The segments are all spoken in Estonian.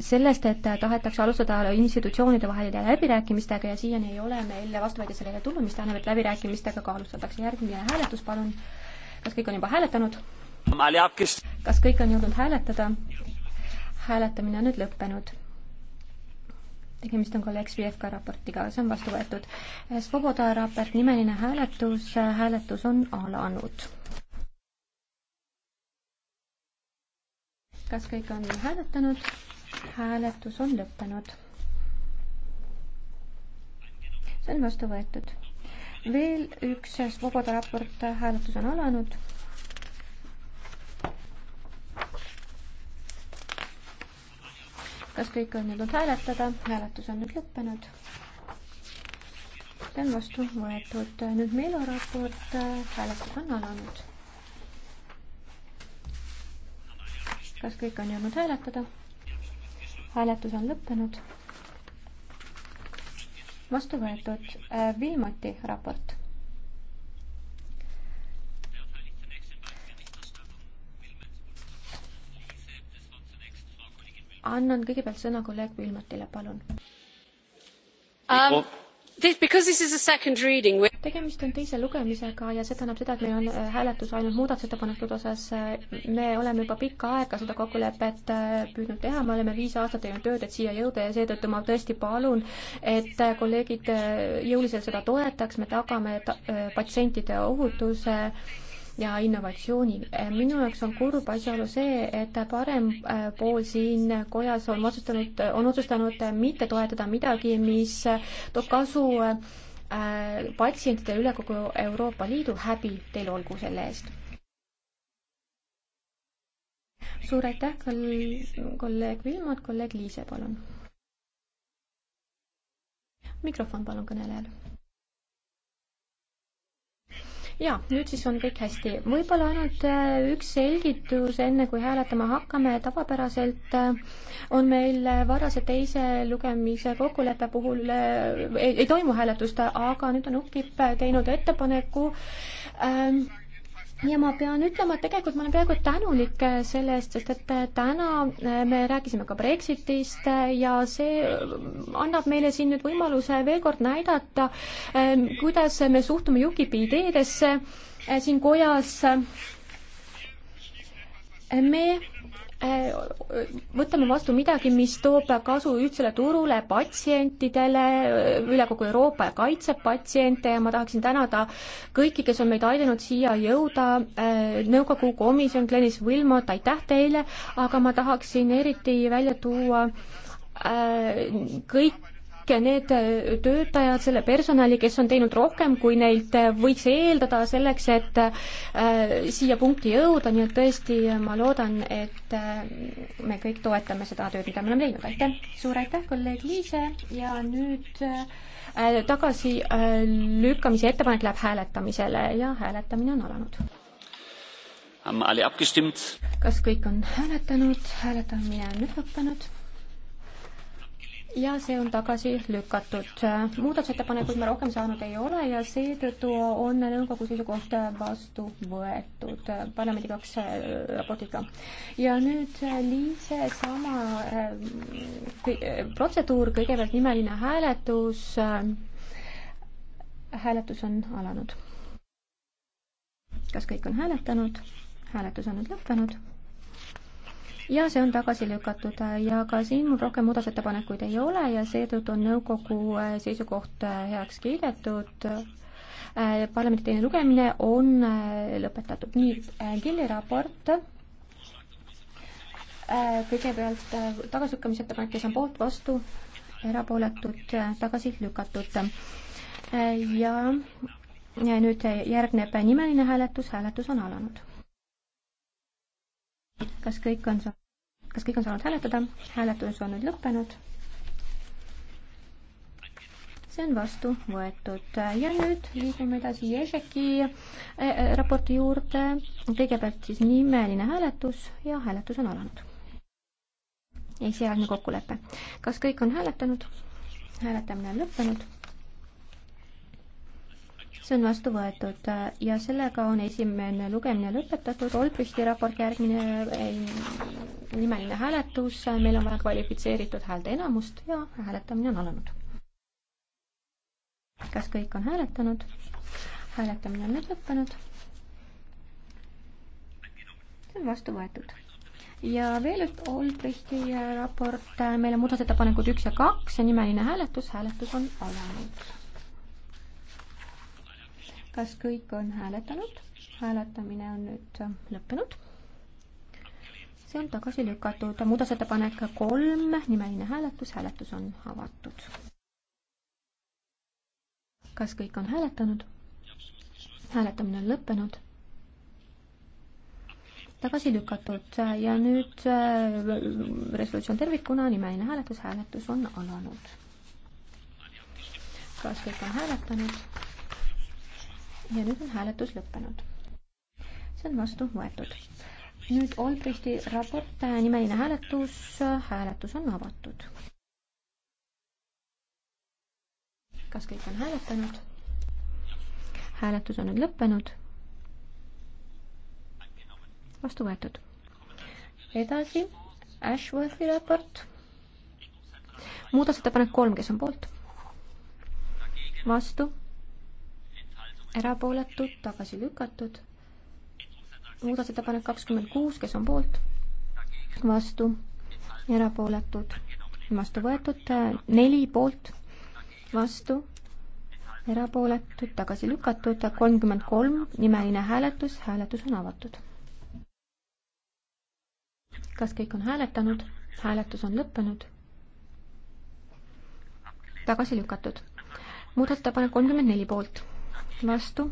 sellest, et tahetakse alustada institutsioonide vaheliste läbirääkimistega ja siiani ei ole meil vastuväide sellele tulnud, mis tähendab, et läbirääkimistega ka alustatakse. järgmine hääletus, palun. kas kõik on juba hääletanud? kas kõik on jõudnud hääletada? hääletamine on nüüd lõppenud. tegemist on kolleeg Svjevka raportiga, see on vastu võetud. Svoboda raport, nimeline hääletus, hääletus on alanud. kas kõik on hääletanud? hääletus on lõppenud. see on vastu võetud. veel üks Svoboda raport, hääletus on alanud. kas kõik on jõudnud hääletada? hääletus on nüüd lõppenud. see on vastu võetud. nüüd Meelo raport, hääletus on alanud kas kõik on jõudnud hääletada? hääletus on lõppenud. vastu võetud äh, Vilmoti raport. annan kõigepealt sõna kolleeg Vilmotile, palun um, tegemist on teise lugemisega ja see tähendab seda, et meil on äh, hääletus ainult muudatusettepanekute osas. Äh, me oleme juba pikka aega seda kokkulepet äh, püüdnud teha, me oleme viis aastat teinud tööd, et siia jõuda ja seetõttu ma tõesti palun, et kolleegid jõuliselt seda toetaks, me tagame patsientide ohutuse ja innovatsioonil. minu jaoks on kurb asjaolu see, et parem äh, pool siin kojas on otsustanud, on otsustanud mitte toetada midagi, mis toob kasu äh, patsientidele üle kogu Euroopa Liidu. häbi teil olgu selle eest. suur aitäh, kolleeg Vilmot, kolleeg Liise, palun. mikrofon palun kõnelejale ja nüüd siis on kõik hästi. võib-olla ainult äh, üks selgitus, enne kui hääletama hakkame, tavapäraselt äh, on meil äh, varase teise lugemise kokkuleppe puhul ei, ei toimu hääletust, aga nüüd on UKIP teinud ettepaneku ähm, ja ma pean ütlema, et tegelikult ma olen praegu tänulik äh, selle eest, sest et äh, täna äh, me rääkisime ka Brexitist ja see annab meile siin nüüd võimaluse veel kord näidata, ähm, kuidas me suhtume UKIP-i ideedesse siin kojas. me Äh, võtame vastu midagi, mis toob kasu ühtsele turule, patsientidele äh, üle kogu Euroopa ja kaitseb patsiente ja ma tahaksin tänada kõiki, kes on meid aidanud siia jõuda, äh, nõukogu komisjon, Glenis Wilmot, aitäh teile, aga ma tahaksin eriti välja tuua kõik andke need äh, töötajad, selle personali, kes on teinud rohkem, kui neilt äh, võiks eeldada selleks, et äh, siia punkti jõuda, nii et tõesti ma loodan, et me kõik toetame seda tööd, mida me oleme teinud, aitäh! suur aitäh, kolleeg Liise ja nüüd tagasilükkamise ettepanek läheb hääletamisele ja hääletamine on alanud haben alle abgestimmt. Kas kõik on hääletanud? Hääletamine on lõppenud ja see on tagasi lükatud. muudatusettepanekuid me rohkem saanud ei ole ja seetõttu on nõukogu seisukoht vastu võetud parlamendi kaks äh, raportiga. ja nüüd äh, Liise sama äh, protseduur, kõigepealt nimeline hääletus. hääletus on alanud. kas kõik on hääletanud? hääletus on nüüd lõppenud ja see on tagasi lükatud ja ka siin mul rohkem muudatusettepanekuid ei ole ja seetõttu on nõukogu äh, seisukoht äh, heaks kiidetud. Äh, parlamendi teine lugemine on lõpetatud. nii, Gilli raport. kõigepealt tagasilükkamise ettepanek, kes on poolt, vastu, erapooletud, tagasi lükatud. ja ja nüüd järgneb nimeline hääletus, hääletus on alanud. kas kõik on saanud? kas kõik on saanud hääletada? hääletus on nüüd lõppenud. see on vastu võetud ja nüüd liigume edasi Ježeki eh, eh, raporti juurde. kõigepealt siis nimeline hääletus ja hääletus on alanud. esialgne kokkulepe. kas kõik on hääletanud? hääletamine on lõppenud see on vastu võetud ja sellega on esimene lugemine lõpetatud, Olbrichti raport järgmine nimeline hääletus, meil on vaja kvalifitseeritud häälteenamust ja hääletamine on alanud. kas kõik on hääletanud? hääletamine on lõpetanud. see on vastu võetud ja veel üks Olbrichti raport, meil on muudatusettepanekud üks ja kaks ja nimeline hääletus, hääletus on alanud kas kõik on hääletanud? hääletamine on nüüd lõppenud. see on tagasi lükatud, muudatusettepanek kolm, nimeline hääletus, hääletus on avatud. kas kõik on hääletanud? hääletamine on lõppenud tagasi lükatud ja nüüd äh, resolutsioon tervikuna, nimeline hääletus, hääletus on alanud. kas kõik on hääletanud? ja nüüd on hääletus lõppenud. see on vastu võetud. nüüd Olbrichti raport, äh, nimeline hääletus, hääletus on avatud. kas kõik on hääletanud? hääletus on nüüd lõppenud. vastu võetud. edasi Ashworthi raport. muudatusettepanek kolm, kes on poolt? vastu erapooletud, tagasi lükatud. muudatusettepanek kakskümmend kuus, kes on poolt, vastu, erapooletud, vastu võetud, neli poolt, vastu, erapooletud, tagasi lükatud, kolmkümmend kolm, nimeline hääletus, hääletus on avatud. kas kõik on hääletanud? hääletus on lõppenud. tagasi lükatud. muudatusettepanek kolmkümmend neli poolt vastu,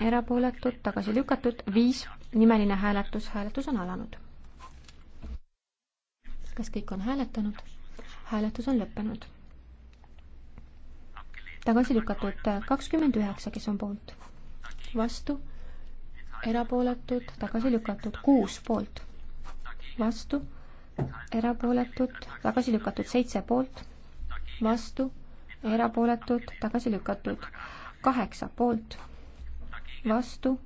erapooletud, tagasi lükatud, viis, nimeline hääletus, hääletus on alanud. kas kõik on hääletanud? hääletus on lõppenud. tagasi lükatud äh, kakskümmend üheksa, kes on poolt, vastu, erapooletud, tagasi lükatud, kuus poolt, vastu, erapooletud, tagasi lükatud, seitse poolt, vastu, erapooletud, tagasi lükatud kaheksa poolt, vastu,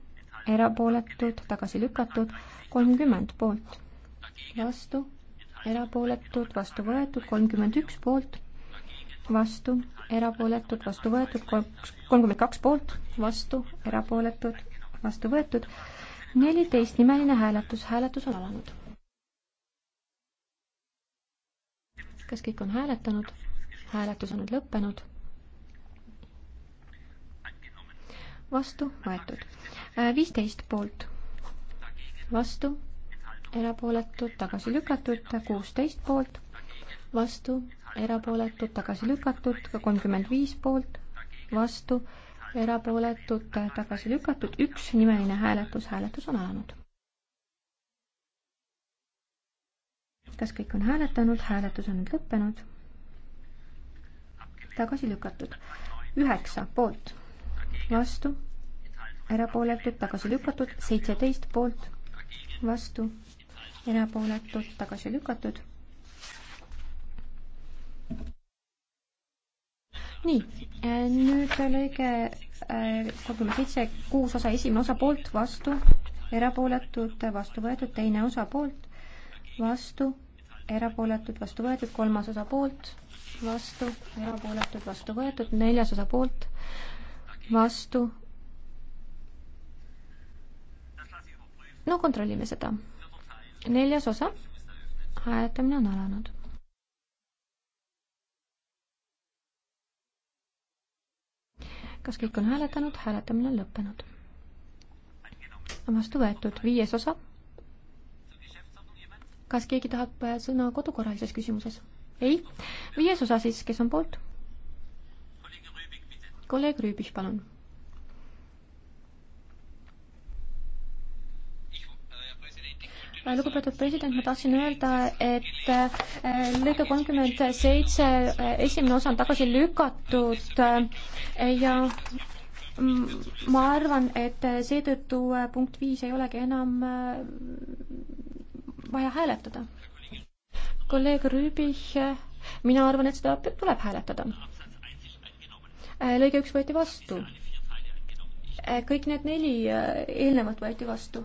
erapooletud, tagasi lükatud, kolmkümmend poolt, vastu, erapooletud, vastu võetud, kolmkümmend üks poolt, vastu, erapooletud, vastu võetud, kolmkümmend kaks poolt, vastu, erapooletud, vastu võetud, neliteist nimeline hääletus, hääletus on alanud. kas kõik on hääletanud? hääletus on nüüd lõppenud vastu võetud. Äh, viisteist poolt, vastu, erapooletud, tagasi lükatud, kuusteist poolt, vastu, erapooletud, tagasi lükatud, kolmkümmend viis poolt, vastu, erapooletud, tagasi lükatud, üks nimeline hääletus, hääletus on alanud. kas kõik on hääletanud, hääletus on nüüd lõppenud. tagasi lükatud, üheksa poolt vastu, erapooletud, tagasi lükatud, seitseteist poolt, vastu, erapooletud, tagasi lükatud. nii, äh, nüüd lõige äh, kolmkümmend seitse, kuus osa, esimene osa poolt, vastu, erapooletud, vastu võetud, teine osa poolt, vastu, erapooletud, vastu võetud, kolmas osa poolt, vastu, erapooletud, vastu võetud, neljas osa poolt, vastu. no kontrollime seda. neljas osa. hääletamine on alanud. kas kõik on hääletanud? hääletamine on lõppenud. vastu võetud viies osa. kas keegi tahab sõna kodukorralises küsimuses? ei, viies osa siis, kes on poolt? kolleeg Rüübich, palun. lugupeetud president, ma tahtsin öelda, et äh, lõige kolmkümmend seitse, äh, esimene osa on tagasi lükatud äh, ja ma arvan, et seetõttu punkt viis ei olegi enam vaja hääletada. kolleeg Rüübich, mina arvan, et seda tuleb hääletada Äh, lõige üks võeti vastu. Äh, kõik need neli äh, eelnevat võeti vastu.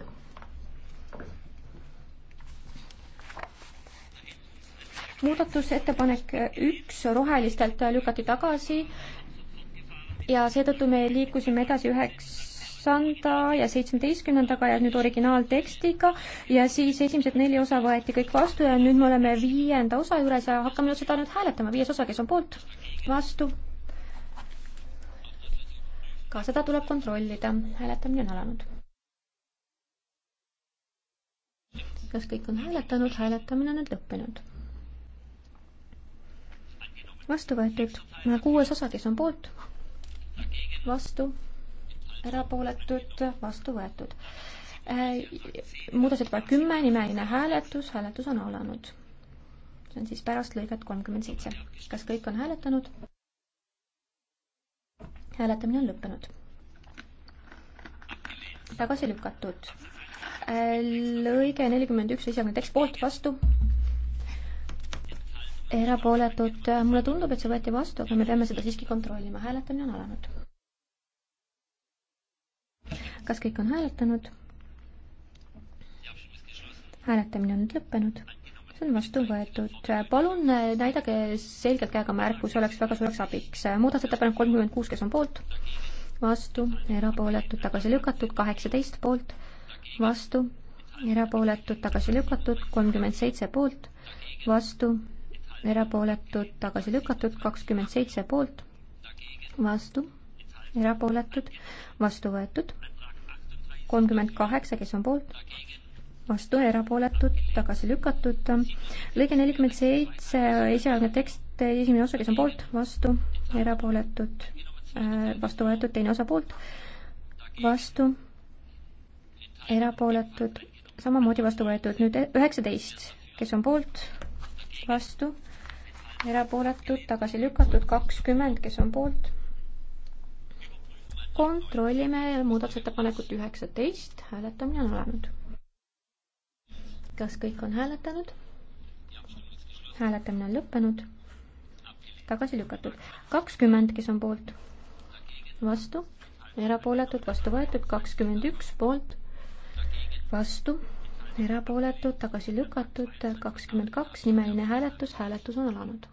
muudatusettepanek üks rohelistelt lükati tagasi ja seetõttu me liikusime edasi üheksanda ja seitsmeteistkümnendaga ja nüüd originaaltekstiga ja siis esimesed neli osa võeti kõik vastu ja nüüd me oleme viienda osa juures ja hakkame seda nüüd hääletama, viies osa, kes on poolt, vastu ka seda tuleb kontrollida. hääletamine on alanud. kas kõik on hääletanud? hääletamine on nüüd lõppenud. vastu võetud nagu kuues osa, kes on poolt? vastu, erapooletud, vastu võetud äh, muudatusettepanek kümme, nimeline hääletus, hääletus on alanud. see on siis pärast lõiget kolmkümmend seitse. kas kõik on hääletanud? hääletamine on lõppenud. tagasi lükatud. Äh, lõige nelikümmend üks, esialgne tekst poolt, vastu. erapooletud, äh, mulle tundub, et see võeti vastu, aga me peame seda siiski kontrollima, hääletamine on alanud. kas kõik on hääletanud? hääletamine on nüüd lõppenud see on vastu võetud. palun äh, näidake selgelt käega märku, see oleks väga suureks abiks. muudatusettepanek kolmkümmend kuus, kes on poolt, vastu, erapooletud, tagasi lükatud, kaheksateist poolt, vastu, erapooletud, tagasi lükatud, kolmkümmend seitse poolt, vastu, erapooletud, tagasi lükatud, kakskümmend seitse poolt, vastu, erapooletud, vastu võetud, kolmkümmend kaheksa, kes on poolt, vastu, erapooletud, tagasi lükatud. lõige nelikümmend seitse, esialgne tekst, esimene osa, kes on poolt, vastu, erapooletud, äh, vastu võetud, teine osa poolt, vastu, erapooletud, samamoodi vastu võetud. nüüd üheksateist, kes on poolt, vastu, erapooletud, tagasi lükatud, kakskümmend, kes on poolt, kontrollime muudatusettepanekut üheksateist, hääletamine on alanud kas kõik on hääletanud? hääletamine on lõppenud. tagasi lükatud. kakskümmend, kes on poolt? vastu, erapooletud, vastu võetud, kakskümmend üks poolt, vastu, erapooletud, tagasi lükatud, kakskümmend kaks, nimeline hääletus, hääletus on alanud.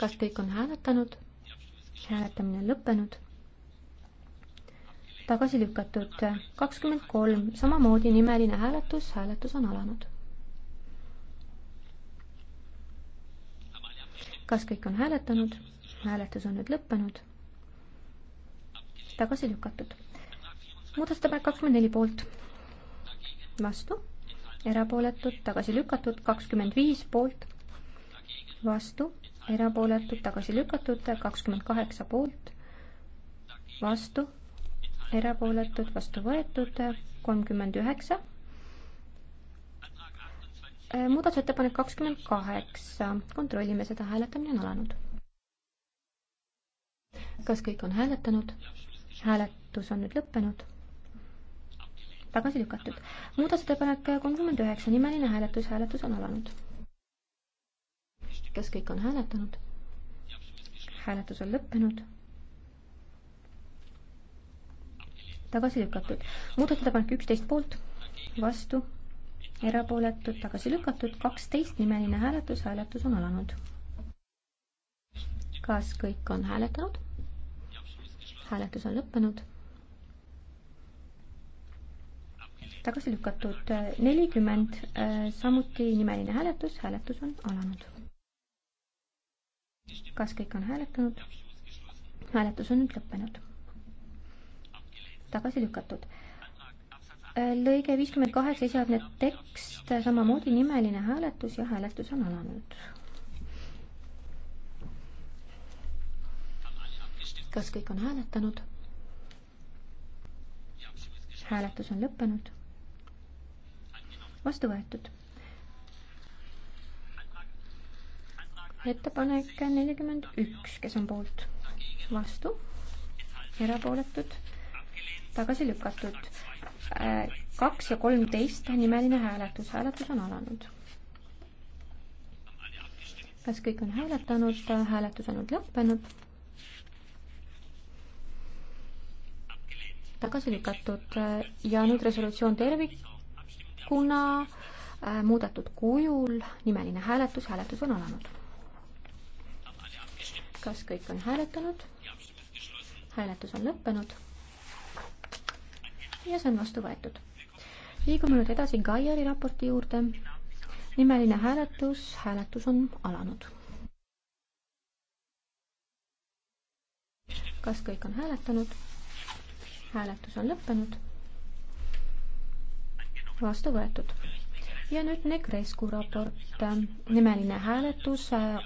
kas kõik on hääletanud? hääletamine on lõppenud tagasi lükatud. kakskümmend kolm, samamoodi nimeline hääletus, hääletus on alanud. kas kõik on hääletanud? hääletus on nüüd lõppenud. tagasi lükatud. muudatusettepanek kakskümmend neli poolt. vastu, erapooletud, tagasi lükatud, kakskümmend viis poolt, vastu, erapooletud, tagasi lükatud, kakskümmend kaheksa poolt, vastu erapooletud, vastu võetud, kolmkümmend üheksa. Äh, muudatusettepanek kakskümmend kaheksa, kontrollime seda, hääletamine on alanud. kas kõik on hääletanud? hääletus on nüüd lõppenud. tagasi lükatud. muudatusettepanek kolmkümmend üheksa, nimeline hääletus, hääletus on alanud. kas kõik on hääletanud? hääletus on lõppenud tagasi lükatud. muudatusettepanek üksteist poolt, vastu, erapooletud, tagasi lükatud, kaksteist nimeline hääletus, hääletus on alanud. kas kõik on hääletanud? hääletus on lõppenud. tagasi lükatud nelikümmend, äh, samuti nimeline hääletus, hääletus on alanud. kas kõik on hääletanud? hääletus on nüüd lõppenud tagasi lükatud. lõige viiskümmend kaheksa, esialgne tekst, samamoodi nimeline hääletus ja hääletus on alanud. kas kõik on hääletanud? hääletus on lõppenud. vastu võetud. ettepanek nelikümmend üks, kes on poolt, vastu, erapooletud tagasi lükatud. kaks ja kolmteist nimeline hääletus, hääletus on alanud. kas kõik on hääletanud, hääletus on nüüd lõppenud? tagasi lükatud ja nüüd resolutsioon tervikuna äh, muudetud kujul, nimeline hääletus, hääletus on alanud. kas kõik on hääletanud? hääletus on lõppenud ja see on vastu võetud. liigume nüüd edasi Gaiari raporti juurde. nimeline hääletus, hääletus on alanud. kas kõik on hääletanud? hääletus on lõppenud. vastu võetud. ja nüüd Negrescu raport, nimeline hääletus äh,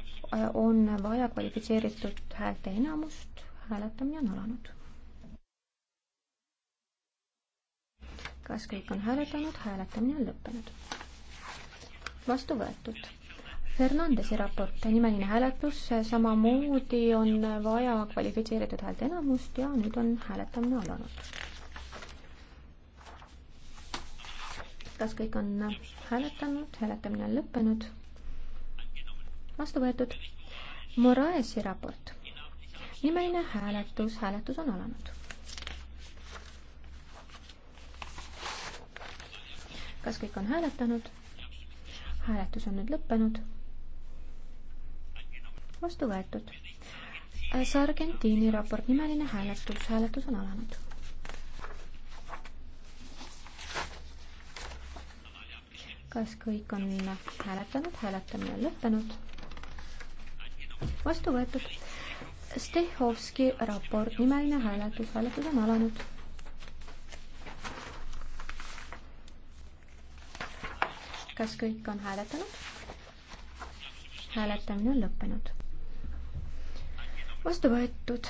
on vaja kvalifitseeritud häälte enamust, hääletamine on alanud kas kõik on hääletanud, hääletamine on lõppenud. vastu võetud. Fernandesi raport, nimeline hääletus, samamoodi on vaja kvalifitseeritud häälteenamust ja nüüd on hääletamine alanud. kas kõik on hääletanud, hääletamine on lõppenud. vastu võetud. Moraesi raport, nimeline hääletus, hääletus on alanud kas kõik on hääletanud? hääletus on nüüd lõppenud. vastu võetud. Sargentini raport nimeline hääletus, hääletus on alanud. kas kõik on hääletanud, hääletamine on lõppenud? vastu võetud. Stehovski raport nimeline hääletus, hääletus on alanud kas kõik on hääletanud? hääletamine on lõppenud. vastu võetud.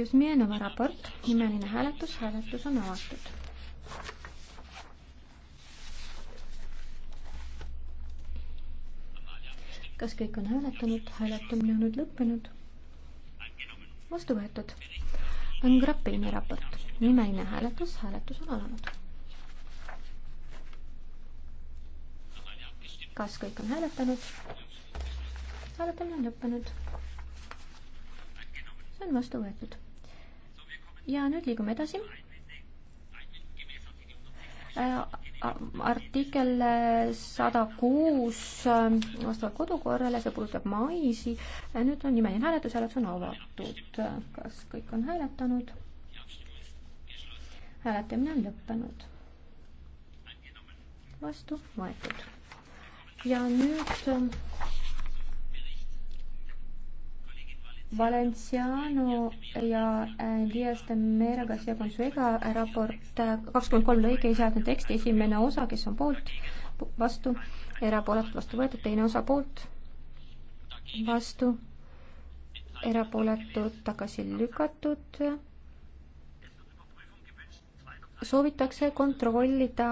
Jusmienova raport, nimeline hääletus, hääletus on avatud. kas kõik on hääletanud, hääletamine on nüüd lõppenud? vastu võetud. on Grappini raport, nimeline hääletus, hääletus on alanud kas kõik on hääletanud? hääletamine on lõppenud. see on vastu võetud. ja nüüd liigume edasi äh, artikkel sada kuus äh, vastavalt kodukorrale, see puudutab maisi. Äh, nüüd on nimeline hääletus, hääletus on avatud. kas kõik on hääletanud? hääletamine on lõppenud. vastu võetud ja nüüd ähm, Valenciano ja äh, Dias de Meraga ja Consuega raport äh, kakskümmend kolm lõige esialgne tekst, esimene osa, kes on poolt, vastu, erapooletu vastu võetud, teine osa poolt, vastu, erapooletud tagasi lükatud. soovitakse kontrollida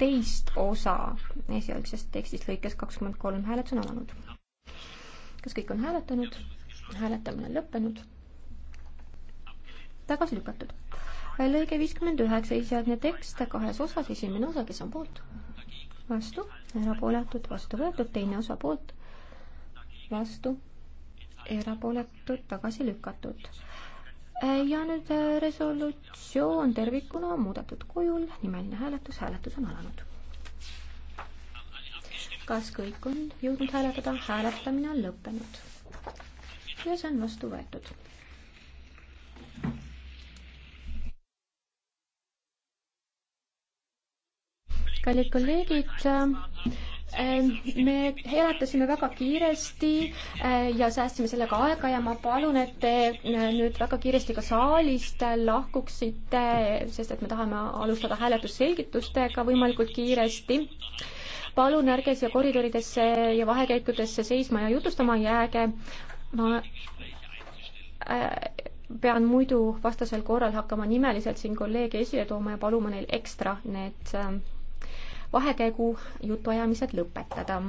teist osa esialgsest tekstist lõikes kakskümmend kolm. hääletus on alanud. kas kõik on hääletanud? hääletamine on lõppenud. tagasi lükatud. lõige viiskümmend üheksa, esialgne tekst kahes osas, esimene osa, kes on poolt? vastu, erapooletud, vastu võetud, teine osa poolt, vastu, erapooletud, tagasi lükatud Äh, ja nüüd äh, resolutsioon tervikuna muudetud kujul, nimeline hääletus, hääletus on alanud. kas kõik on jõudnud hääletada? hääletamine on lõppenud ja see on vastu võetud. kallid kolleegid, äh, Ehm, me elatasime väga kiiresti eh, ja säästsime sellega aega ja ma palun, et te eh, nüüd väga kiiresti ka saalist eh, lahkuksite, sest et me tahame alustada hääletusselgitustega võimalikult kiiresti. palun ärge siia koridoridesse ja vahekäikudesse seisma ja jutustama jääge. ma pean muidu vastasel korral hakkama nimeliselt siin kolleege esile tooma ja paluma neil ekstra need vahekäigu jutuajamised lõpetada.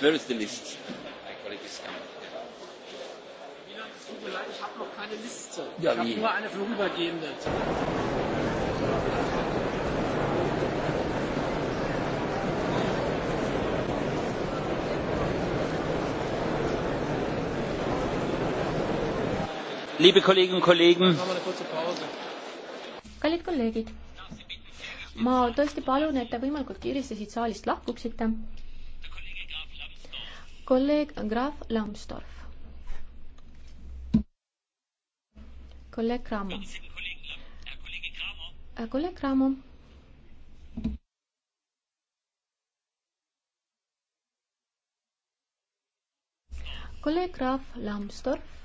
Where is the list? eine Liste. Ja, ich habe nur eine vorübergehende. Liebe Kolleginnen und Kollegen, kallid kolleegid, ma tõesti palun, et te võimalikult kiiresti siit saalist lahkuksite. kolleeg Graf Lambsdorff. kolleeg Cramo. kolleeg eh, Cramo. kolleeg eh, Raaf Lambsdorff